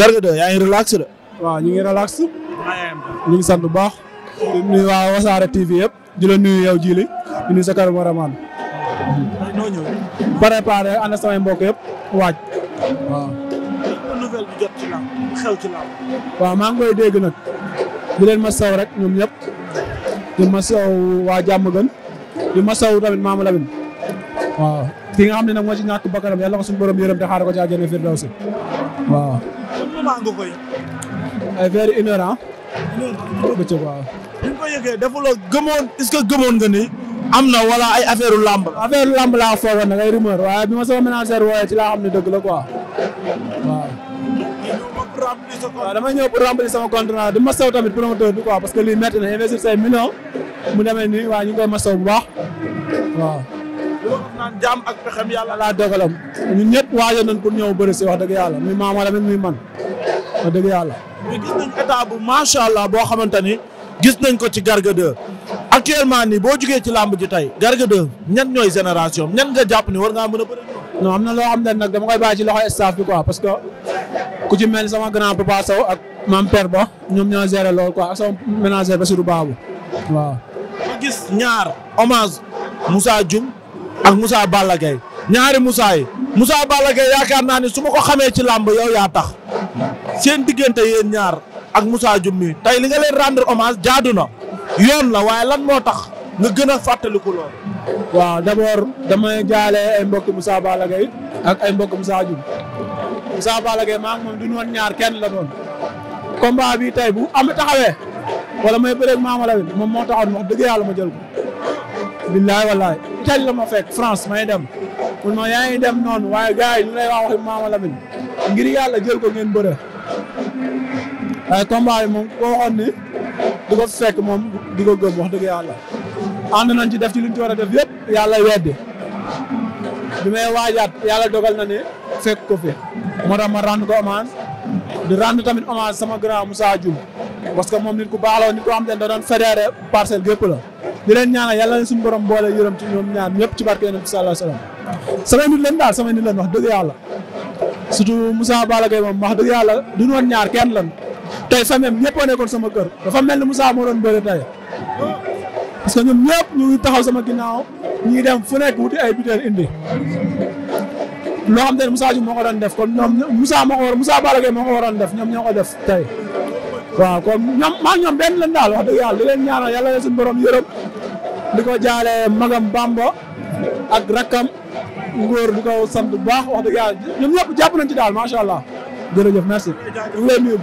garga de yaa ngi relax de. waaw ñu ngi relax. ñu ngi sant bu baax. di nuyu waa Wasaare TV yëpp. di la nuyu yow jili di nuyu sa cameraman. noo ñëw. préparé ànd samay mbokk yëpp waaj. waaw. maa ngi koy dégg nag. di leen ma saw rek ñoom ñëpp. di ma saw waa jàmm gën. di ma saw tamit Maama Lamine. waaw ki nga xam ne nag moo ci ñàkk bakkanam yàlla ko suñu borom yërëm te xaar ko ci àjjana firdawsi waaw. Ah. waaw. bi nga ko na wala ay affaire u làmb. affaire u làmb laa foogoon nag ay waaye bi ma sama ménagère wooyee ci laa xam ne dëgg la quoi waaw. waaw damay ñëw pour remplir sama contrat di masaw tamit promoteur bi quoi parce que lii métti na investir say millions mu demee nii waaye ñu ngi koy masaw bu baax naan jaam ak pexem yàlla laa dogalam ñun ñëpp waaja nañ pour ñëw bëri si wax dëgg yàlla muy maama tamit muy man wax dëgg yàlla mais gis nañ macha allah boo xamante ni gis nañ ko ci Garga 2 actuellement nii boo jugee ci làmb ji tey Garga ñan ñooy génération ñan nga jàpp ni war ngaa mën a bëri non am na loo xam ne nag dama koy bàyyi ci loxo staff bi quoi parce que ku ci mel sama grand papa Sow ak maam père ba ñoom ñoo gérer loolu quoi ak sama ménagère Bassirou Babou waaw ma gis ñaar hommage Moussa Dioum ak Moussa Balla Gaye ñaari Moussa yi Moussa Balla Gaye yaakaar naa ne su ma ko xamee ci làmb yow yaa tax seen diggante yéen ñaar ak Moussa Dioumi tey li nga leen rendre hommage jaadu yoon la waaye lan moo tax nga gën a fàttaliku lool. waaw d'abord damay jaale ay mbokki Moussa Balla Gaye ak ay mbokki musaa Dioumi Moussa Balla Gaye maa ngi moom duñu woon ñaar kenn la doon combat bi tey bu am taxawee wala may bëreeg Mama Lamine moom moo taxoon wax dëgg yàlla ma jël billaay wallaay Italie la ma fekk France may dem pour ma yaa ngi dem noonu waaye gars yi lay wax waxi Maama ngir yàlla jël ko ngeen bëre waaye combat bi moom koo waxoon ni du ko fekk moom du ko gëm wax dëgg yàlla ànd nañ ci def ci liñ ci war def yëpp yàlla weddi bi may waajaat yàlla dogal na ne ko fi moo tax ma rendre ko hommage di rendre tamit hommage sama grand Moussa Dioum parce moom nit ku baax la nit ko xam te ne da doon fédéré la di leen ñaanal yàlla na suñu borom boole yërëm ci ñoom ñaar ñëpp ci barke yonent bi sallallahu alayhi wasallam samay nit leen daal samay nit leen wax dëgg yàlla surtout Moussa baala Gaye moom wax dëgg yàlla duñu woon ñaar kenn lan tey fa même ñëpp a nekkoon sama kër dafa mel ni Moussa moo doon bëri tey parce ñoom ñëpp ñu ngi taxaw sama ginnaaw ñu ngi dem fu nekk wuti ay butéel indi loo xam te ne Moussa moo ko doon def kon ñoom Moussa moo ko war Moussa Balla moo ko waroon def ñoom ñoo ko def tey waaw kon ñoom maa ñoom benn lañ daal wax dëgg yàlla di leen ñaanal yàlla na suñu borom yërëm di ko jaale magam Bamba ak rakkam ngóor di ko sant baa baax wax dëgg yàlla ñoom ñëpp jàpp nañ ci daal macha allah jërëjëf merci ñu ngi lay nuyu